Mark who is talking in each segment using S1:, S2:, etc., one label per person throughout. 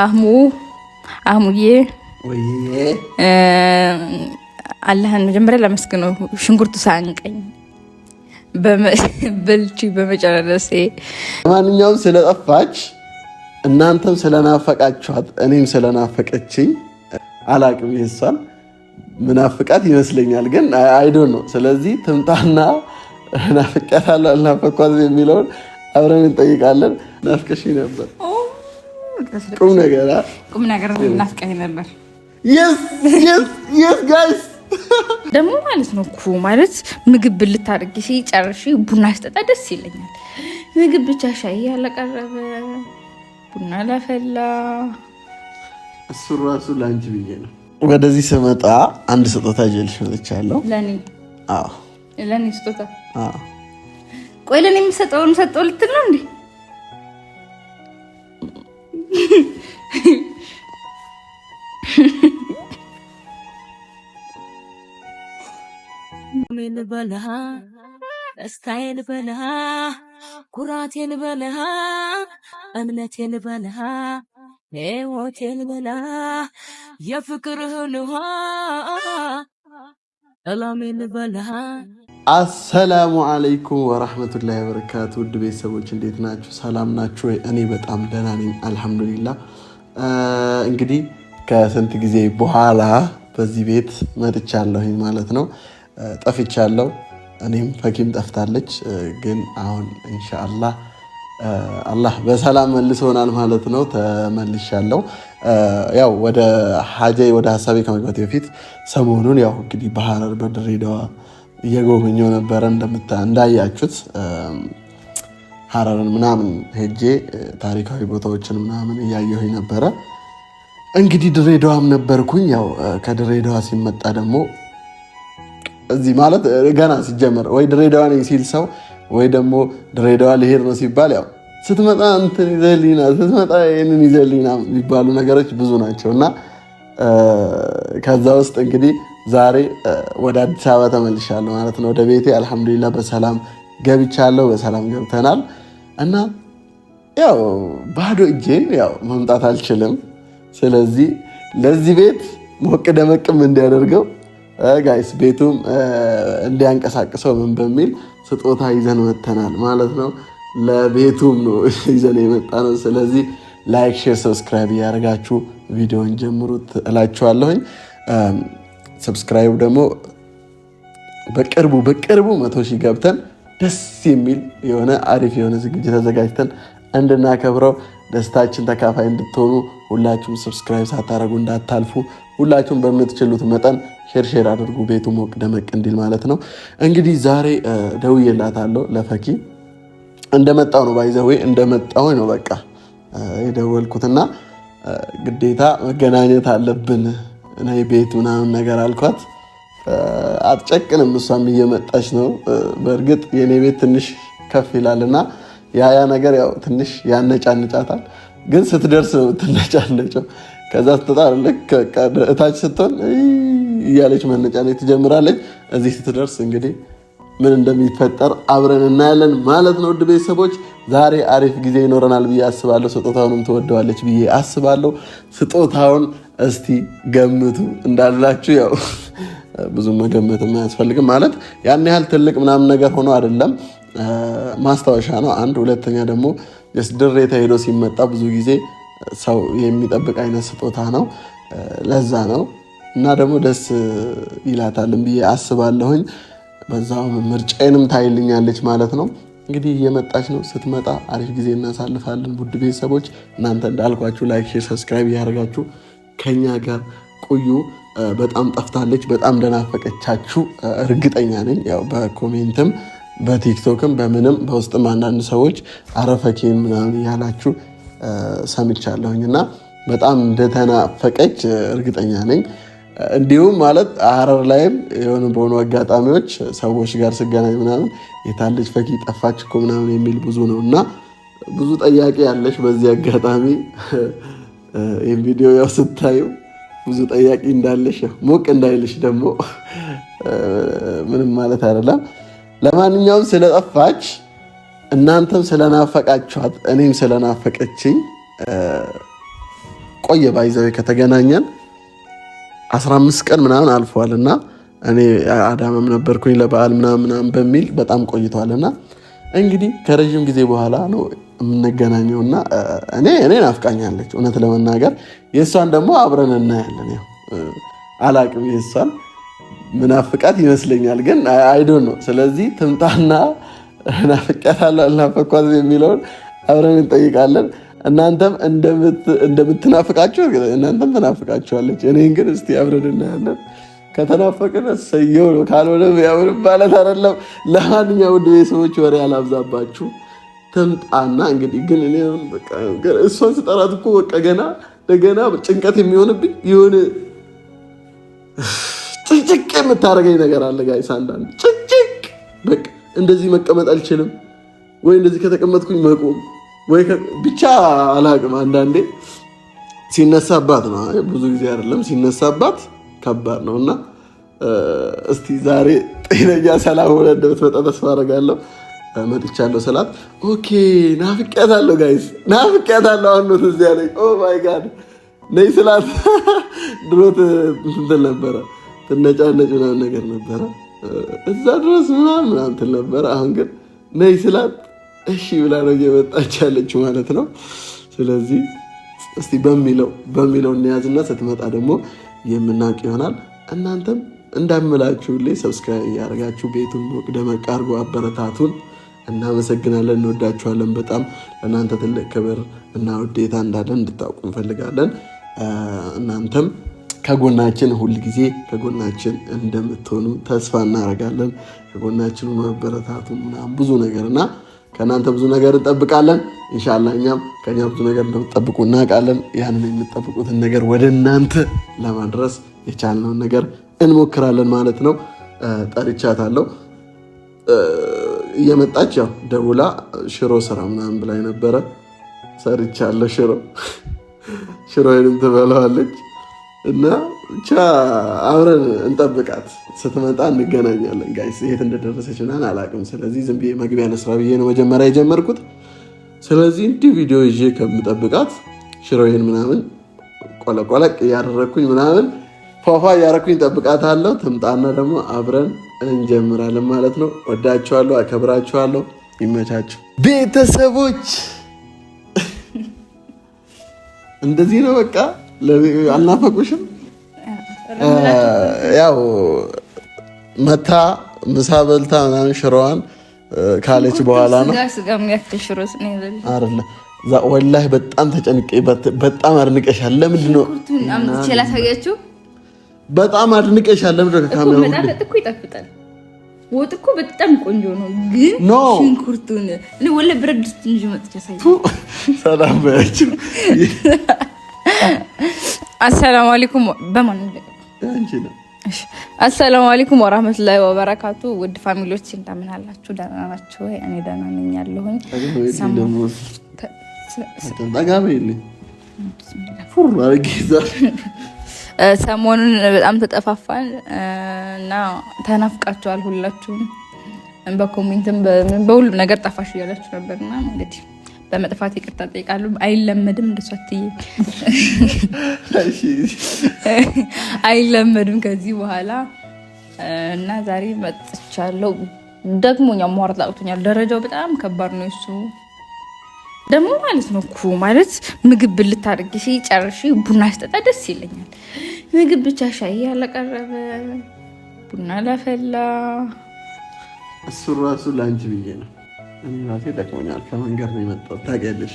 S1: አህሙ አህሙዬ አላህን መጀመሪያ ላመስግነው። ሽንኩርቱ ሳንቀኝ በልቺ በመጨረሴ
S2: ማንኛውም ስለጠፋች እናንተም ስለናፈቃችኋት እኔም ስለናፈቀችኝ አላቅም። ይህሷን ምናፍቃት ይመስለኛል ግን አይዶ ነው። ስለዚህ ትምጣና ናፍቃታለሁ አልናፈኳት የሚለውን አብረን እንጠይቃለን። ናፍቀሽ ነበር ቁም ነገር
S1: ቁም ነገር እናፍቀኝ ነበር።
S2: የስ ጋይስ
S1: ደግሞ ማለት ነው እኮ ማለት ምግብ ልታደርጊ ሲጨርሽ ቡና ስጠጣ ደስ ይለኛል። ምግብ ብቻ ሻይ ያለቀረበ ቡና ላፈላ
S2: እሱ ራሱ ለአንቺ ብዬ ነው። ወደዚህ ስመጣ አንድ ስጦታ ጀልሽ መጥቻለሁ።
S1: ለእኔ ለእኔ ስጦታ ቆይ ለእኔ የሚሰጠውን ሰጠው ልትል ነው እንዲህ ምን በለሃ ደስታዬን በለሃ ኩራቴን በለሃ እምነቴን በለሃ ሕይወቴን በለሃ የፍቅርህን ውሃ እላሜን በለሃ
S2: አሰላሙ አለይኩም ወራህመቱላሂ ወበረካቱ። ውድ ቤተሰቦች እንዴት ናችሁ? ሰላም ናችሁ ወይ? እኔ በጣም ደህና ነኝ አልሐምዱሊላ። እንግዲህ ከስንት ጊዜ በኋላ በዚህ ቤት መጥቻለሁ ማለት ነው። ጠፍቻለሁ፣ እኔም ፈኪም ጠፍታለች። ግን አሁን ኢንሻአላህ አላህ በሰላም መልሶናል ማለት ነው። ተመልሻለሁ። ያው ወደ ሀጀ ወደ ሀሳቤ ከመግባት በፊት ሰሞኑን ያው እንግዲህ በሀረር በድሬዳዋ እየጎበኘው ነበረ። እንዳያችሁት ሀረርን ምናምን ሄጄ ታሪካዊ ቦታዎችን ምናምን እያየሁኝ ነበረ። እንግዲህ ድሬዳዋም ነበርኩኝ። ያው ከድሬዳዋ ሲመጣ ደግሞ እዚህ ማለት ገና ሲጀመር ወይ ድሬዳዋ ነኝ ሲል ሰው ወይ ደግሞ ድሬዳዋ ልሄድ ነው ሲባል ያው ስትመጣ እንትን ይዘህልኝና ስትመጣ ይህንን ይዘህልኝና የሚባሉ ነገሮች ብዙ ናቸው እና ከዛ ውስጥ እንግዲህ ዛሬ ወደ አዲስ አበባ ተመልሻለሁ ማለት ነው፣ ወደ ቤቴ አልሐምዱሊላ በሰላም ገብቻለሁ፣ በሰላም ገብተናል እና ያው ባዶ እጄን ያው መምጣት አልችልም። ስለዚህ ለዚህ ቤት ሞቅ ደመቅም እንዲያደርገው ጋይስ ቤቱም እንዲያንቀሳቅሰው ምን በሚል ስጦታ ይዘን መተናል ማለት ነው። ለቤቱም ነው ይዘን የመጣ ነው። ስለዚህ ላይክ፣ ሼር፣ ሰብስክራይብ እያደረጋችሁ ቪዲዮን ጀምሩት እላችኋለሁኝ። ሰብስክራይብ ደግሞ በቅርቡ በቅርቡ መቶ ሺህ ገብተን ደስ የሚል የሆነ አሪፍ የሆነ ዝግጅት ተዘጋጅተን እንድናከብረው ደስታችን ተካፋይ እንድትሆኑ ሁላችሁም ሰብስክራይብ ሳታደረጉ እንዳታልፉ። ሁላችሁም በምትችሉት መጠን ሼርሼር አድርጉ፣ ቤቱ ሞቅ ደመቅ እንዲል ማለት ነው። እንግዲህ ዛሬ ደውዬላታለሁ ለፈኪ እንደመጣው ነው ባይዘዌ እንደመጣው ነው በቃ የደወልኩትና ግዴታ መገናኘት አለብን እኔ ቤት ምናምን ነገር አልኳት። አትጨቅንም፣ እሷም እየመጣች ነው። በእርግጥ የእኔ ቤት ትንሽ ከፍ ይላል እና ያ ያ ነገር ያው ትንሽ ያነጫንጫታል። ግን ስትደርስ ነው የምትነጫነጨው። ከዛ ስትወጣ ልክ እታች ስትሆን እያለች መነጫነች ትጀምራለች። እዚህ ስትደርስ እንግዲህ ምን እንደሚፈጠር አብረን እናያለን ማለት ነው። ውድ ቤተሰቦች ዛሬ አሪፍ ጊዜ ይኖረናል ብዬ አስባለሁ። ስጦታውንም ትወደዋለች ብዬ አስባለሁ። ስጦታውን እስቲ ገምቱ እንዳላችሁ ያው ብዙ መገመት አያስፈልግም። ማለት ያን ያህል ትልቅ ምናምን ነገር ሆኖ አይደለም፣ ማስታወሻ ነው። አንድ ሁለተኛ ደግሞ ድሬ ተሄዶ ሲመጣ ብዙ ጊዜ ሰው የሚጠብቅ አይነት ስጦታ ነው። ለዛ ነው እና ደግሞ ደስ ይላታልም ብዬ አስባለሁኝ። በዛው ምርጫዬንም ታይልኛለች ማለት ነው። እንግዲህ እየመጣች ነው። ስትመጣ አሪፍ ጊዜ እናሳልፋለን። ውድ ቤተሰቦች እናንተ እንዳልኳችሁ ላይክ፣ ሰብስክራይብ እያደርጋችሁ ከኛ ጋር ቆዩ። በጣም ጠፍታለች፣ በጣም እንደናፈቀቻችሁ እርግጠኛ ነኝ። ያው በኮሜንትም በቲክቶክም በምንም በውስጥም አንዳንድ ሰዎች አረፈኬ ምናምን እያላችሁ ሰምቻለሁኝ እና በጣም እንደተናፈቀች እርግጠኛ ነኝ። እንዲሁም ማለት ሀረር ላይም የሆኑ በሆኑ አጋጣሚዎች ሰዎች ጋር ስገናኝ ምናምን የታለች ፈኪ ጠፋች እኮ ምናምን የሚል ብዙ ነው እና ብዙ ጠያቂ ያለች በዚህ አጋጣሚ ይህም ቪዲዮ ያው ስታዩ ብዙ ጠያቂ እንዳለሽ ሞቅ እንዳይልሽ ደግሞ ምንም ማለት አይደለም። ለማንኛውም ስለጠፋች እናንተም ስለናፈቃችኋት እኔም ስለናፈቀችኝ ቆየ ባይዘዊ ከተገናኘን 15 ቀን ምናምን አልፈዋል እና እኔ አዳመም ነበርኩኝ ለበዓል ምናምን በሚል በጣም ቆይተዋል እና እንግዲህ ከረዥም ጊዜ በኋላ ነው የምንገናኘው እና እኔ እኔ ናፍቃኛለች እውነት ለመናገር የእሷን ደግሞ አብረን እናያለን። ያው አላቅም የእሷን ምናፍቃት ይመስለኛል ግን አይዶ ነው። ስለዚህ ትምጣና ናፍቄያታለሁ አልናፈኳትም የሚለውን አብረን እንጠይቃለን። እናንተም እንደምትናፍቃችሁ እናንተም ትናፍቃችኋለች። እኔን ግን እስቲ አብረን እናያለን። ከተናፈቅን ሰየው ነው፣ ካልሆነ ያምን ማለት አይደለም። ለማንኛውም ውድ ቤተሰቦች ወሬ አላብዛባችሁ። ትምጣና እንግዲህ ግን እኔ እሷን ስጠራት እኮ በቃ ገና ለገና ጭንቀት የሚሆንብኝ የሆነ ጭንጭቅ የምታደርገኝ ነገር አለ ጋይስ። አንዳንድ ጭንጭቅ በቃ እንደዚህ መቀመጥ አልችልም ወይ እንደዚህ ከተቀመጥኩኝ መቆም ወይ ብቻ አላቅም። አንዳንዴ ሲነሳባት ነው ብዙ ጊዜ አይደለም ሲነሳባት ከባድ ነው እና እስቲ ዛሬ ጤነኛ ሰላም ሆነ እንደምትመጣ ተስፋ አደርጋለሁ። መጥቻለሁ ስላት፣ ኦኬ ናፍቄያታለሁ ጋይስ ናፍቄያታለሁ። አሁን ነው ትዝ ያለኝ። ኦ ማይ ጋድ ነይ ስላት ድሮት እንትን ነበረ ትነጫነጭ ምናምን ነገር ነበረ እዛ ድረስ ምናምን እንትን ነበረ። አሁን ግን ነይ ስላት እሺ ብላ ነው እየመጣች ያለች ማለት ነው። ስለዚህ እስቲ በሚለው በሚለው እንያዝና ስትመጣ ደግሞ የምናውቅ ይሆናል። እናንተም እንዳምላችሁልኝ ሰብስክራይብ እያደረጋችሁ ቤቱን ሞቅ ደመቅ አድርጎ አበረታቱን። እናመሰግናለን፣ እንወዳችኋለን። በጣም ለእናንተ ትልቅ ክብር እና ውዴታ እንዳለን እንድታውቁ እንፈልጋለን። እናንተም ከጎናችን ሁልጊዜ ከጎናችን እንደምትሆኑ ተስፋ እናደርጋለን። ከጎናችን መበረታቱ ምናምን ብዙ ነገር እና ከእናንተ ብዙ ነገር እንጠብቃለን። እንሻላ እኛም ከኛ ብዙ ነገር እንደምትጠብቁ እናውቃለን። ያንን የምትጠብቁትን ነገር ወደ እናንተ ለማድረስ የቻልነውን ነገር እንሞክራለን ማለት ነው። ጠርቻታለሁ እየመጣች ያው ደውላ ሽሮ ስራ ምናምን ብላይ ነበረ። ሰርቻለሁ። ሽሮ ሽሮ ወይንም ትበለዋለች እና ብቻ አብረን እንጠብቃት። ስትመጣ እንገናኛለን። ጋይስ የት እንደደረሰች ምናምን አላውቅም። ስለዚህ ዝም ብዬ መግቢያ ነስራ ብዬ ነው መጀመሪያ የጀመርኩት። ስለዚህ እንዲህ ቪዲዮ ይዤ ከምጠብቃት ሽሮዬን ምናምን ቆለቆለቅ እያደረግኩኝ ምናምን ፏፏ እያደረግኩኝ አለው። ትምጣና ደግሞ አብረን እንጀምራለን ማለት ነው። ወዳችኋለሁ፣ አከብራችኋለሁ። ይመቻችሁ ቤተሰቦች። እንደዚህ ነው በቃ። አልናፈቁሽም? ያው መታ ምሳ በልታ ምናምን ሽሮዋን ካለች በኋላ ነው ወላሂ በጣም ተጨንቄ በጣም አድንቀሻል። ለምንድን ነው በጣም አድንቀሻል። ለምንድን ነው
S1: ካሜራ ሁሉ በጣም እኮ ይጣፍጣል። ወጥ እኮ በጣም ቆንጆ ነው፣ ግን ሽንኩርቱን ለወለ ብረት ድስት ልጅ መጥቻ ሳይ
S2: ሰላም በያችሁ።
S1: አሰላሙ አለይኩም በማን አንቺ ነው። አሰላሙ አለይኩም ወራህመቱላሂ ወበረካቱ። ውድ ፋሚሊዎች እንደምን አላችሁ? ደህና ናችሁ ወይ? እኔ ደህና ነኝ ያለሁኝ ሰማሁ ሰሞኑን በጣም ተጠፋፋል እና ተናፍቃችኋል ሁላችሁም። በኮሜንትም በሁሉም ነገር ጠፋሽ እያላችሁ ነበርና እንግዲህ በመጥፋት ይቅርታ ጠይቃሉ። አይለመድም፣ እንደሷት አይለመድም ከዚህ በኋላ እና ዛሬ መጥቻለሁ። ደግሞኛል፣ ማውራት አቅቶኛል። ደረጃው በጣም ከባድ ነው እሱ ደግሞ ማለት ነው እኮ ማለት ምግብ ልታደርጊ ጨርሺ ቡና ስጠጣ ደስ ይለኛል። ምግብ ብቻ ሻይ ያለቀረበ ቡና ላፈላ
S2: እሱ ራሱ ለአንቺ ብዬ ነው። እኔ ራሴ ደክሞኛል ከመንገድ ነው የመጣሁት ታውቂያለሽ።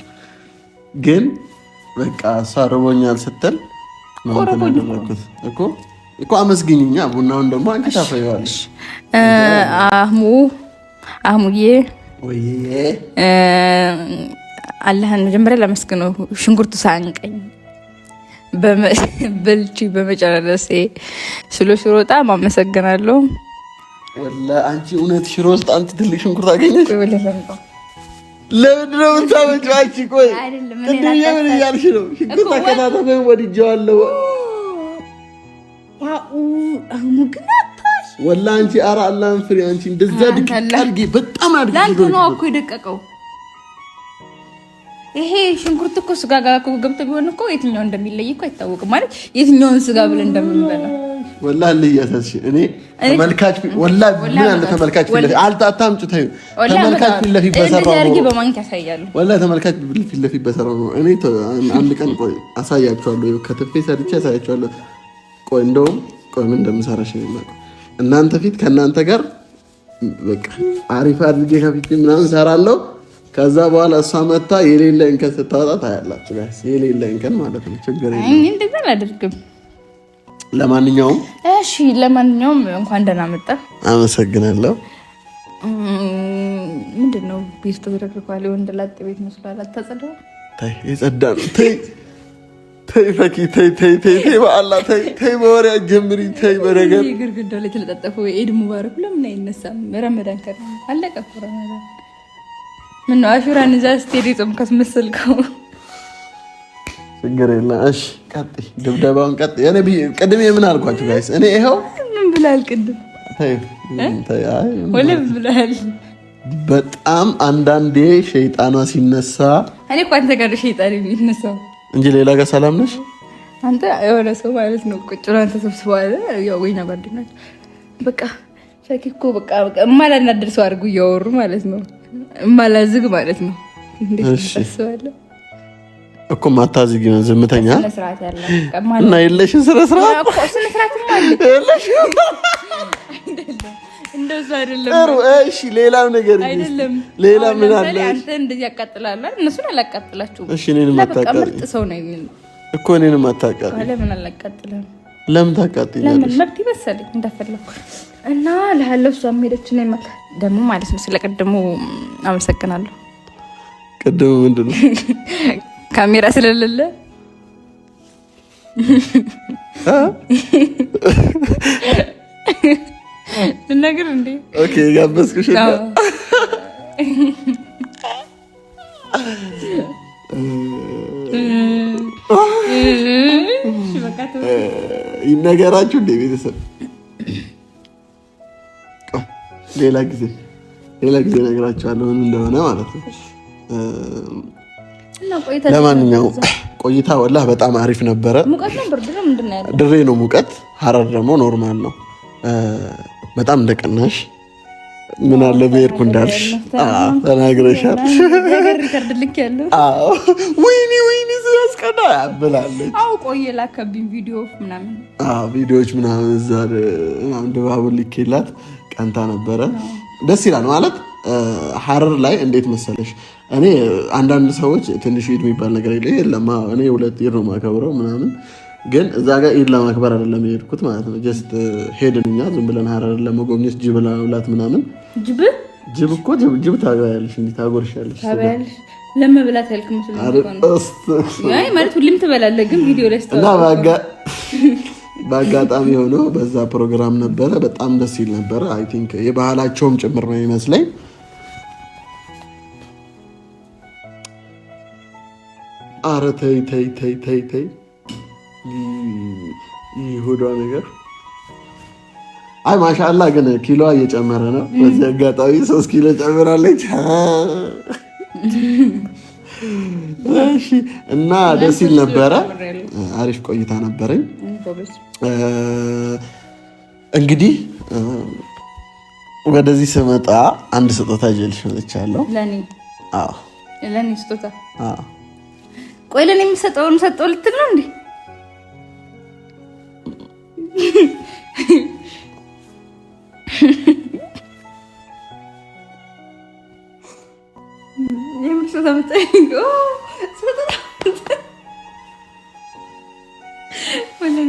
S2: ግን በቃ እሷ ርቦኛል ስትል ያደረኩት እኮ እኮ አመስግኝኛ። ቡናውን ደግሞ አንቺ ታፈዋለሽ።
S1: አህሙ አህሙዬ አላህን መጀመሪያ ላመስግነው። ሽንኩርቱ ሳንቀኝ በልቺ በመጨረሴ ስለ ሽሮ ጣም አመሰግናለሁ።
S2: ወላ አንቺ እውነት ሽሮ ውስጥ አንቺ ትልቅ ሽንኩርት አገኘሽ? ለምንድነው የምታመጪው? አንቺ ቆይ እንዲህ ምን እያልሽ ነው? ሽንኩርት አከታተፈ ወድጀዋለሁ።
S1: አሁኑ ግን
S2: ወላ አንቺ አራ አላህን ፍሪ። አንቺ እንደዛ ድቅቅ አድርጌ በጣም
S1: አድርጌ ነው እኮ የደቀቀው ይሄ ሽንኩርት እኮ ስጋ ጋር እኮ ገብቶ ቢሆን እኮ የትኛው እንደሚለይ እኮ አይታወቅም። ማለት የትኛውን ስጋ ብለን እንደምንበላ
S2: ወላ ልያታሽ እኔ ተመልካች ወላ ምን አለ ተመልካች ፊት ለፊት አልታታምጭ ታዩ ተመልካች ፊት ለፊት በሰራው ነው በማንኪያ ያሳያሉ። ወላሂ ተመልካች ፊት ለፊት በሰራው ነው። እኔ አንድ ቀን ቆይ አሳያችኋለሁ። ከትፌ ሰርቼ አሳያችኋለሁ። ቆይ እንደውም ቆይ ምን እንደምሰራሽ ነው እናንተ ፊት ከእናንተ ጋር በቃ አሪፍ አድርጌ ከፊት ምናምን ሰራለሁ ከዛ በኋላ እሷ መታ የሌለ እንከን ስታወጣ ታያላችሁ። የሌለ እንከን ማለት ነው።
S1: ችግር እንደዛ አላደርግም። ለማንኛውም እሺ፣ ለማንኛውም እንኳን ደህና መጣ።
S2: አመሰግናለሁ።
S1: ምንድን ነው ቤት ተዘረክርኳል። ወንድ ላጤ ቤት መስሏል። አታጸዳው።
S2: ተይ፣ የጸዳ ነው። ተይ፣ ፈኪ ተይ፣ ተይ፣ ተይ፣ ተይ፣ በአላ ተይ፣ ተይ፣ በወሬ ጀምሪ፣ ተይ፣ በነገር
S1: ግርግዳ ላይ የተለጠፈው ኤድ ሙባረክ ለምን አይነሳም? ረመዳን ከ አለቀ እኮ ረመዳን ምነው አሹራን እዛ ስትሄድ የጾምክ አስመሰልከው።
S2: ችግር የለም። እሺ ቀጥይ፣ ድብደባውን ቀጥይ። እኔ ቅድም የምን አልኳችሁ ጋይስ? እኔ ይኸው
S1: ምን ብላል ቅድም
S2: በጣም አንዳንዴ ሸይጣኗ ሲነሳ
S1: እኔ እኮ አንተ ጋር ሸይጣን የሚነሳው
S2: እንጂ ሌላ ጋር ሰላም ነሽ
S1: አንተ። የሆነ ሰው ማለት ነው ቁጭ ብለን ተሰብስበዋል። በቃ ሸኪ በቃ በቃ የማላናደድ ሰው አድርጉ እያወሩ ማለት ነው እማላዝግ ማለት ነው።
S2: እኮ ማታዝጊ ነው ዝምተኛ እና የለሽን ስነ ስርዓት እንደዛ እሺ ሌላም ነገር አይደለም። ሌላ ምን አለ?
S1: እነሱን አላቃጥላችሁም።
S2: እሺ እኮ እኔንም ለምን
S1: አላቃጥልም? ለምን መብት እንደፈለኩ እና ለህለው እሷ ሄደች ነው ይመል ደግሞ ማለት ነው። ስለ ቅድሙ አመሰግናለሁ።
S2: ቅድሙ ምንድን ነው
S1: ካሜራ ስለሌለ ልነግር እንዴ
S2: ጋበዝኩሽ። ይነገራችሁ እንደ ቤተሰብ ሌላ ጊዜ ሌላ ጊዜ እነግራቸዋለሁ ምን እንደሆነ ማለት ነው። ለማንኛውም ቆይታ ወላህ በጣም አሪፍ ነበረ። ድሬ ነው ሙቀት፣ ሀረር ደግሞ ኖርማል ነው። በጣም እንደቀናሽ ምን አለ ብሄድኩ እንዳልሽ ተናግረሻል። ወይኔ ወይኔ ስያስቀና ብላለች።
S1: ቆየ ላከብኝ ቪዲዮዎች
S2: ምናምን ድባቡን ልኬላት ቀንታ ነበረ። ደስ ይላል ማለት ሀረር ላይ እንዴት መሰለሽ፣ እኔ አንዳንድ ሰዎች ትንሽ ኢድ የሚባል ነገር የለ የለም፣ እኔ ሁለት ኢድ ነው ማከብረው ምናምን። ግን እዛ ጋር ኢድ ለማክበር አይደለም የሄድኩት ማለት ነው። ጀስት ሄድን እኛ ዝም ብለን ሀረር ለመጎብኘት ጅብ ለመብላት ምናምን። ጅብ እኮ ጅብ ታገባያለሽ፣ እንዲህ ታጎርሻለሽ
S1: ለመብላት ያልክ ማለት ሁሌም ትበላለህ፣ ግን ቪዲዮ ላይ
S2: እና በአጋጣሚ ሆኖ በዛ ፕሮግራም ነበረ። በጣም ደስ ይል ነበረ። አይ ቲንክ የባህላቸውም ጭምር ነው ይመስለኝ። አረ ተይ ተይ ተይ ተይ ተይ ይሁዷ ነገር። አይ ማሻላ ግን ኪሎ እየጨመረ ነው። በዚህ አጋጣሚ ሶስት ኪሎ ጨምራለች። እና ደስ ይል ነበረ። አሪፍ ቆይታ ነበረኝ። እንግዲህ ወደዚህ ስመጣ አንድ ስጦታ ይዤልሽ መጥቻለሁ።
S1: ለእኔ ስጦታ? ቆይ ለእኔ የሚሰጠውን ሰጠው ልትል ነው እንዴ? የምር ስጦታ መጣ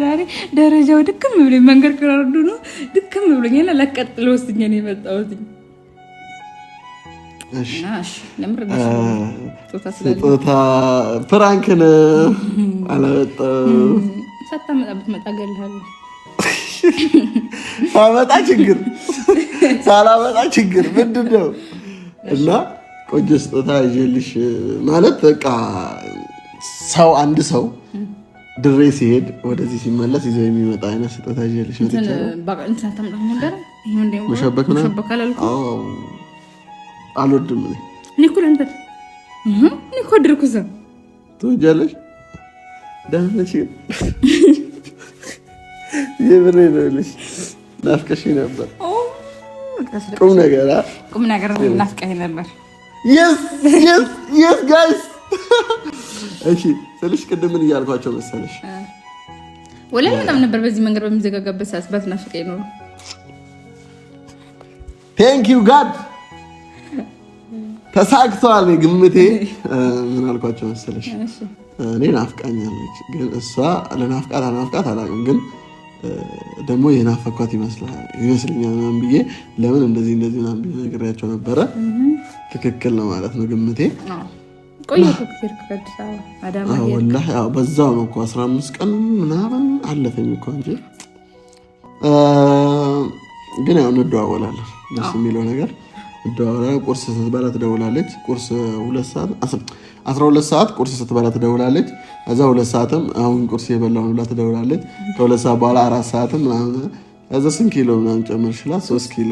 S1: ዛሬ ደረጃው ድክም ብሎኝ መንገድ ክራርዱ ነው ድክም ብሎኝ ና ለቀጥሎ ወስኜ ነው የመጣሁት።
S2: ስጦታ ፕራንክን አለመጣ
S1: ሳታመጣ ብትመጣ እገልሃለሁ።
S2: ሳመጣ ችግር ሳላመጣ ችግር ምንድን ነው? እና ቆንጆ ስጦታ ይዤልሽ ማለት በቃ ሰው አንድ ሰው ድሬ ሲሄድ ወደዚህ ሲመለስ ይዘው የሚመጣ አይነት ስጦታ ይዤልሽ መሸበክ አልወድም።
S1: እኔ እኮ
S2: ትወጃለሽ። ደህና ነሽ? የምሬ ነው ናፍቀሽ ነበር። ቁም ነገር
S1: ቁም ነገር ናፍቀሽ ነበር።
S2: የስ የስ የስ ጋይስ እሺ ስልሽ ቅድም ምን እያልኳቸው መሰለሽ?
S1: ወላሂ በጣም ነበር በዚህ መንገድ በሚዘጋጋበት ሰዓት ባትናፍቀኝ ኖሮ።
S2: ቴንክ ዩ ጋድ ተሳክቷል ግምቴ። ምን አልኳቸው መሰለሽ? እኔ ናፍቃኛለች፣ ግን እሷ ለናፍቃት አናፍቃት አላውቅም፣ ግን ደግሞ የናፈኳት ይመስለኛል ምናምን ብዬ ለምን እንደዚህ እንደዚህ ምናምን ብዬ ነግሬያቸው ነበረ። ትክክል ነው ማለት ነው ግምቴ በዛው ነው እኮ 15 ቀን ምናምን አለፈኝ እኮ እንጂ ግን ያው እንደዋወላለን። ደስ የሚለው ነገር እንደዋወላለን። ቁርስ ስትበላ ትደውላለች። ቁርስ ሁለት ሰዓት አስራ ሁለት ሰዓት ቁርስ ስትበላ ትደውላለች። እዛ ሁለት ሰዓትም አሁን ቁርስ የበላሁ ብላ ትደውላለች። ከሁለት ሰዓት በኋላ አራት ሰዓትም ምናምን እዛ ስንት ኪሎ ምናምን ጨመርሽላት ሶስት ኪሎ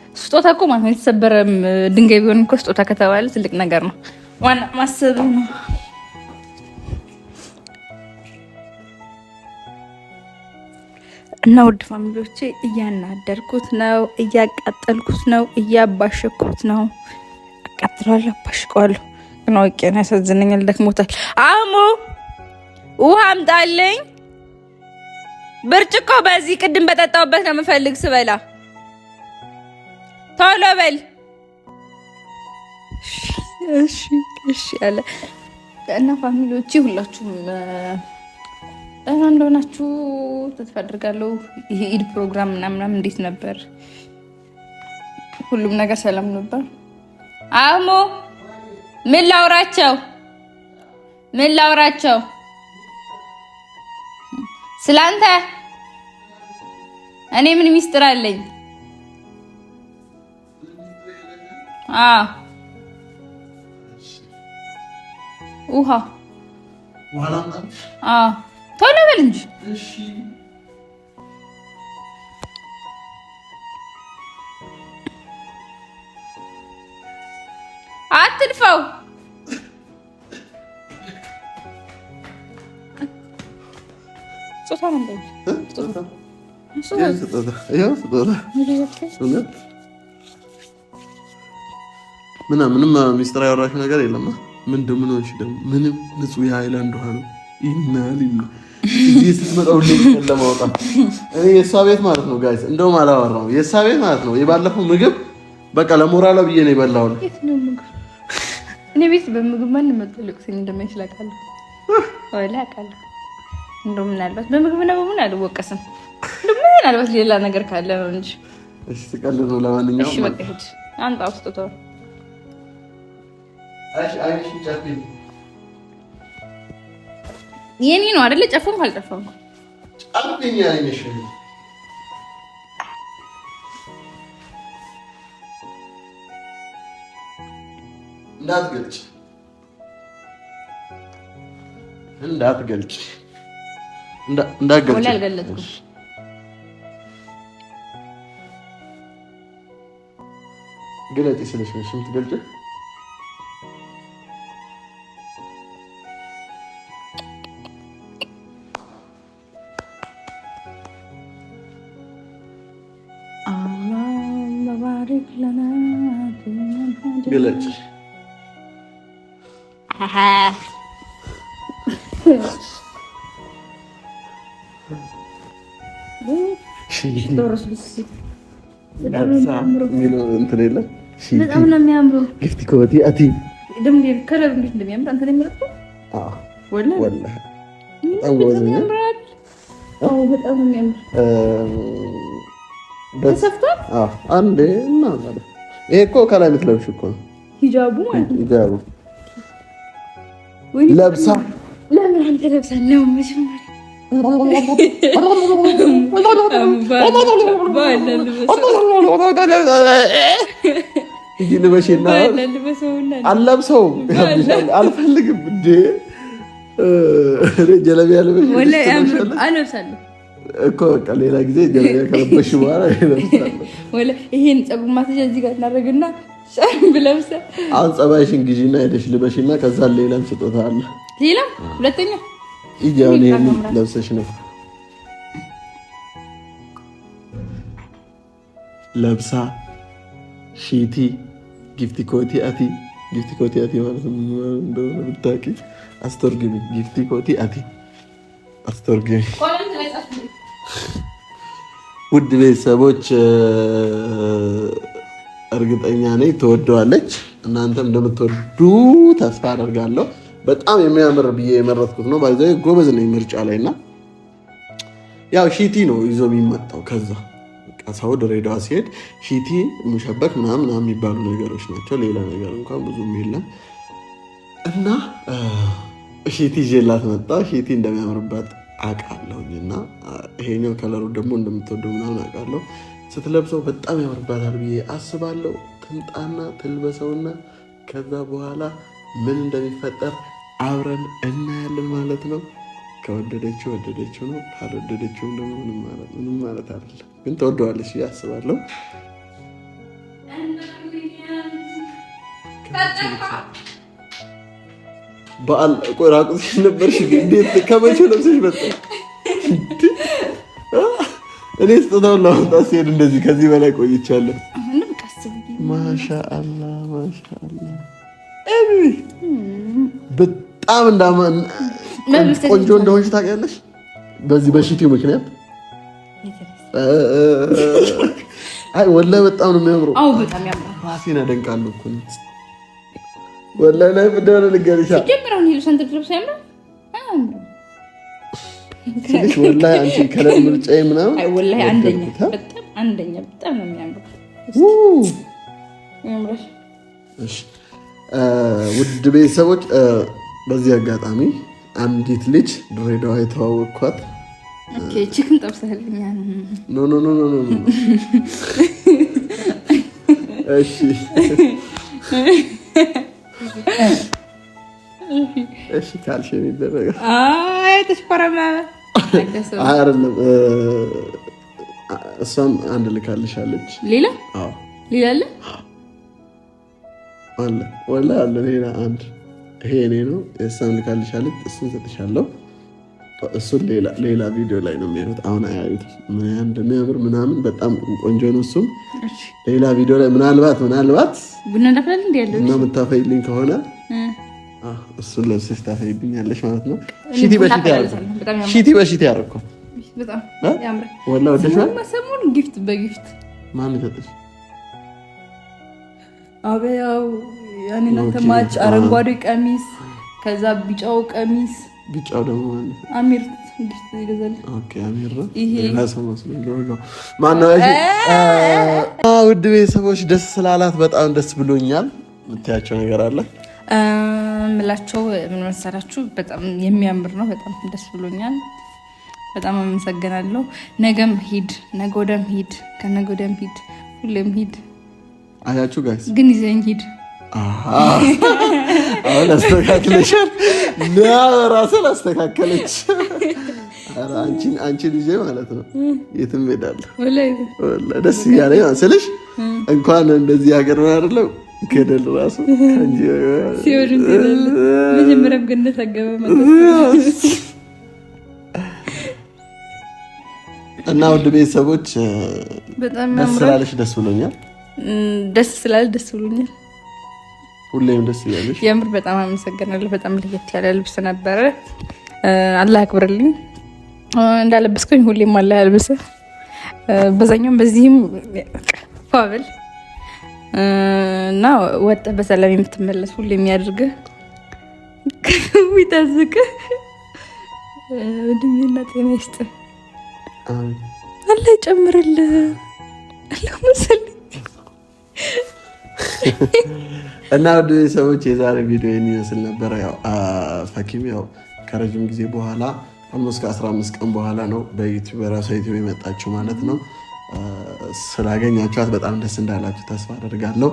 S1: ስጦታ እኮ ማለት ነው የተሰበረ ድንጋይ ቢሆን እኮ ስጦታ ከተባለ ትልቅ ነገር ነው። ዋና ማሰብ ነው። እና ውድ ፋሚሊዎቼ እያናደርኩት ነው፣ እያቃጠልኩት ነው፣ እያባሸኩት ነው። አቃጥለዋለሁ፣ አባሽቀዋለሁ። ግን አውቄ ነው። ያሳዝነኛል፣ ደክሞታል። አሙ ውሃ አምጣልኝ። ብርጭቆ በዚህ ቅድም በጠጣውበት ነው የምፈልግ ስበላ ቶሎ በል እሺ እሺ አለ እና ፋሚሊዎች ሁላችሁም ደህና እንደሆናችሁ ተስፋ አድርጋለሁ። ይሄ ኢድ ፕሮግራም ምናምናም እንዴት ነበር? ሁሉም ነገር ሰላም ነበር። አሞ ምን ላውራቸው ምን ላውራቸው ስላንተ እኔ ምን ሚስጥር አለኝ? ውሃ ቶሎ በል እንጂ አትድፋው። ጾታ
S2: ነው ምና ምንም ሚስጥር ያወራሽ ነገር የለም። ምን እንደምን ሆንሽ ደግሞ ምንም ንጹህ የሀይላንድ ውሃ ነው። ይናል እዚህ ስትመጣው ለማውጣት የእሷ ቤት ማለት ነው ጋይስ፣ እንደውም አላወራው የእሷ ቤት ማለት ነው የባለፈው ምግብ በቃ ለሞራላ ብዬ ነው የበላሁት።
S1: እኔ ቤት በምግብ ማን መጠልቅ ሲል እንደማይችል አውቃለሁ፣ ወላ አውቃለሁ። እንደው ምናልባት በምግብ ነው በምን አልወቀስም። እንደው ምናልባት ሌላ ነገር ካለ ነው እንጂ።
S2: እሺ፣ ትቀልድ ነው። ለማንኛውም
S1: እሺ፣ በቃ ሂድ አንጣ ውስጥ ተው የኔ ነው አይደለ? ጨፈንኩ አልጨፈም
S2: ጨፍኝ አይነሽ እንዳትገልጭ እንዳትገልጭ
S1: እንዳትገልጭ
S2: ግለጪ ስለሽ ነው የምትገልጪው
S1: በጣም የሚያምረው።
S2: ግፍት ኮቲ አቲ
S1: ደም ከለር እንዴት ለብሳ ለምን አንተ ለብሳ ነው መጀመሪያ
S2: ልበሽና አለብሰው አልፈልግም ጀለቢያ ልበሽ እኮ በቃ ሌላ ጊዜ ጀለቢያ ከለበሽ በኋላ
S1: ይሄን ፀጉር ማስያዣ እዚህ ጋር እናደርግና ብለብሰ
S2: አሁን ፀባይሽን ግዢና ሄደሽ ልበሽና ከዛ ሌላም ስጦታ አለ
S1: ሌላም ሁለተኛ
S2: ይሄን ለብሰሽ ነው ለብሳ ሺቲ ጊፍቲ ኮቲ አቲ ጊፍቲ ኮቲ አቲ ማለት እንደሆነ ብታውቂ፣ አስቶርግቢ ጊፍቲ ኮቲ አቲ አስቶርግቢ። ውድ ቤተሰቦች እርግጠኛ ነኝ ትወደዋለች። እናንተም እንደምትወዱ ተስፋ አደርጋለሁ። በጣም የሚያምር ብዬ የመረጥኩት ነው። ባይዘ ጎበዝ ነው ምርጫ ላይ እና ያው ሺቲ ነው ይዞ የሚመጣው ከዛ ሰው ድሬዳዋ ሲሄድ ሺቲ ሙሸበክ ምናምን የሚባሉ ነገሮች ናቸው። ሌላ ነገር እንኳን ብዙም የለም እና ሺቲ ይዤላት መጣ። ሺቲ እንደሚያምርበት አውቃለሁኝ እና ይሄኛው ከለሩ ደግሞ እንደምትወደው ምናምን አውቃለሁ። ስትለብሰው በጣም ያምርባታል ብዬ አስባለሁ። ትምጣና ትልበሰውና ከዛ በኋላ ምን እንደሚፈጠር አብረን እናያለን ማለት ነው። ከወደደችው ወደደችው ነው፣ ካልወደደችውም ደግሞ ምንም ማለት አይደለም። ግን ተወደዋለች አስባለሁ። በዓል ቆይ ራቁት ነበርሽ? እንዴት ከመቼ ለብሰሽ መጣ? እኔ ስጦታውን ለማምጣት ሲሄድ እንደዚህ ከዚህ በላይ ቆይቻለሁ። ማሻአላ ማሻአላ በጣም እንዳማን ቆንጆ እንደሆንሽ ታውቂያለሽ። በዚህ በሽቲው ምክንያት አይ ወላሂ በጣም ነው የሚያምረው።
S1: አዎ በጣም ያምራል።
S2: ራሴን አደንቃለሁ እኮ ወላሂ ላይ እንደሆነ ልገርሻ
S1: ጀምረውን ይሉ ሰንት ልብስ ያምራል።
S2: ትንሽ ወላሂ አንቺ ከለር ምርጫዬ ምናምን
S1: አይ ወላሂ አንደኛ በጣም አንደኛ በጣም ነው የሚያምረው።
S2: እሺ ውድ ቤተሰቦች በዚህ አጋጣሚ አንዲት ልጅ ድሬዳዋ የተዋወቅኳት
S1: ቺክን ጠብሰልኛል።
S2: እሺ እሺ ካልሽ የሚደረገው አይደለም። እሷም አንድ ልካልሻለች።
S1: ሌላ ሌላ አለ
S2: አለ ወላ አለ ሌላ አንድ ይሄ እኔ ነው እሷን ልካልሻለች። እሱን ሰጥሻለሁ። እሱን ሌላ ቪዲዮ ላይ ነው የሚያዩት። አሁን አያዩት እንደሚያምር ምናምን በጣም ቆንጆ ነው። እሱም ሌላ ቪዲዮ ላይ ምናልባት ምናልባት
S1: ቡና
S2: የምታፈይልኝ ከሆነ እሱን ለብሰሽ ታፈይብኛለሽ ማለት ነው። ሺቲ በሺቲ ሺቲ በሺቲ ያደረኩት ወላ ወደሽ
S1: ሰሞኑን ጊፍት በጊፍት ማን ይሰጥሽ አበያው ያኔ እናንተ ማጭ አረንጓዴ ቀሚስ፣ ከዛ ቢጫው ቀሚስ ቢጫው ደግሞ አሚር
S2: ውድ ቤተሰቦች ደስ ስላላት በጣም ደስ ብሎኛል። የምታያቸው ነገር አለ
S1: ምላቸው ምን መሰላችሁ? በጣም የሚያምር ነው። በጣም ደስ ብሎኛል። በጣም አመሰግናለሁ። ነገም ሂድ፣ ነገ ወዲያም ሂድ፣ ከነገ ወዲያም ሂድ፣ ሁሌም ሂድ አያችሁ ጋይስ፣ ግን ይዘኝ ሂድ።
S2: አሁን አስተካክለሻል። ሚያ ራስን አስተካከለች። አንቺን ይዤ ማለት ነው የትም ሄዳለሁ። ደስ እያለ ስልሽ እንኳን እንደዚህ ሀገር ነው አይደለም ገደል ራሱ
S1: መጀመሪያም ገነት አገባ
S2: እና ውድ ቤተሰቦች ደስ ስላለሽ ደስ ብሎኛል።
S1: ደስ ስላል ደስ ብሎኛል።
S2: ሁሌም ደስ እያለሽ።
S1: የምር በጣም አመሰግናለሁ። በጣም ለየት ያለ ልብስ ነበረ። አላህ አክብርልኝ። እንዳለበስከኝ ሁሌም አላህ ያልብስ። በዛኛውም በዚህም ፋብል እና ወጣ በሰላም የምትመለስ ሁሌ የሚያድርግህ ይታዝቅህ እድሜና ጤና ይስጥ። አላህ ይጨምርልህ። አላህ መሰል
S2: እና ውድ ሰዎች የዛሬ ቪዲዮ የሚመስል ነበረ። ፈኪም ያው ከረዥም ጊዜ በኋላ አምስት 15 ቀን በኋላ ነው በዩቲዩብ ራሷ ዩቲዩብ የመጣችው ማለት ነው። ስላገኛችኋት በጣም ደስ እንዳላችሁ ተስፋ አደርጋለሁ።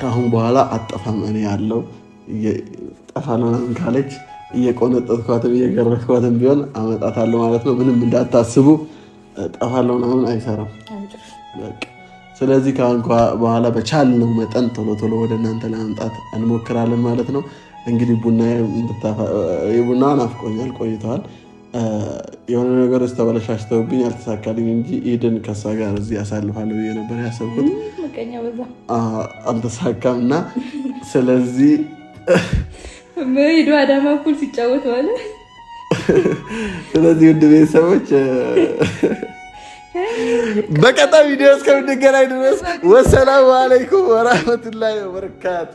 S2: ከአሁን በኋላ አጠፋም እኔ ያለው ጠፋለሁ ካለች እየቆነጠጥኳትም እየገረፍኳትም ቢሆን አመጣታለሁ ማለት ነው። ምንም እንዳታስቡ ጠፋለሁ ምናምን አይሰራም። ስለዚህ ከአሁን በኋላ በቻልነው መጠን ቶሎ ቶሎ ወደ እናንተ ለመምጣት እንሞክራለን ማለት ነው። እንግዲህ ቡና ቡና ናፍቆኛል፣ ቆይተዋል። የሆነ ነገሮች ተበለሻሽተውብኝ አልተሳካልኝ እንጂ ኢድን ከእሷ ጋር እዚህ ያሳልፋለሁ ብዬ ነበር ያሰብኩት፣ አልተሳካም እና ስለዚህ
S1: ሄዶ አዳማ እኩል ሲጫወት ማለት
S2: ስለዚህ ውድ ቤተሰቦች በቀጣይ ቪዲዮ እስከምንገናኝ ድረስ ወሰላሙ አለይኩም ወራህመቱላሂ ወበረካቱ።